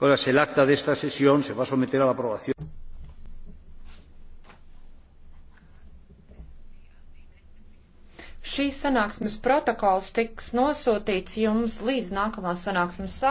Colegas, el acta de esta sesión se va a someter a la aprobación. Šīs sanāksmes protokols tiks nosūtīts jums līdz nākamās sanāksmes sākumā.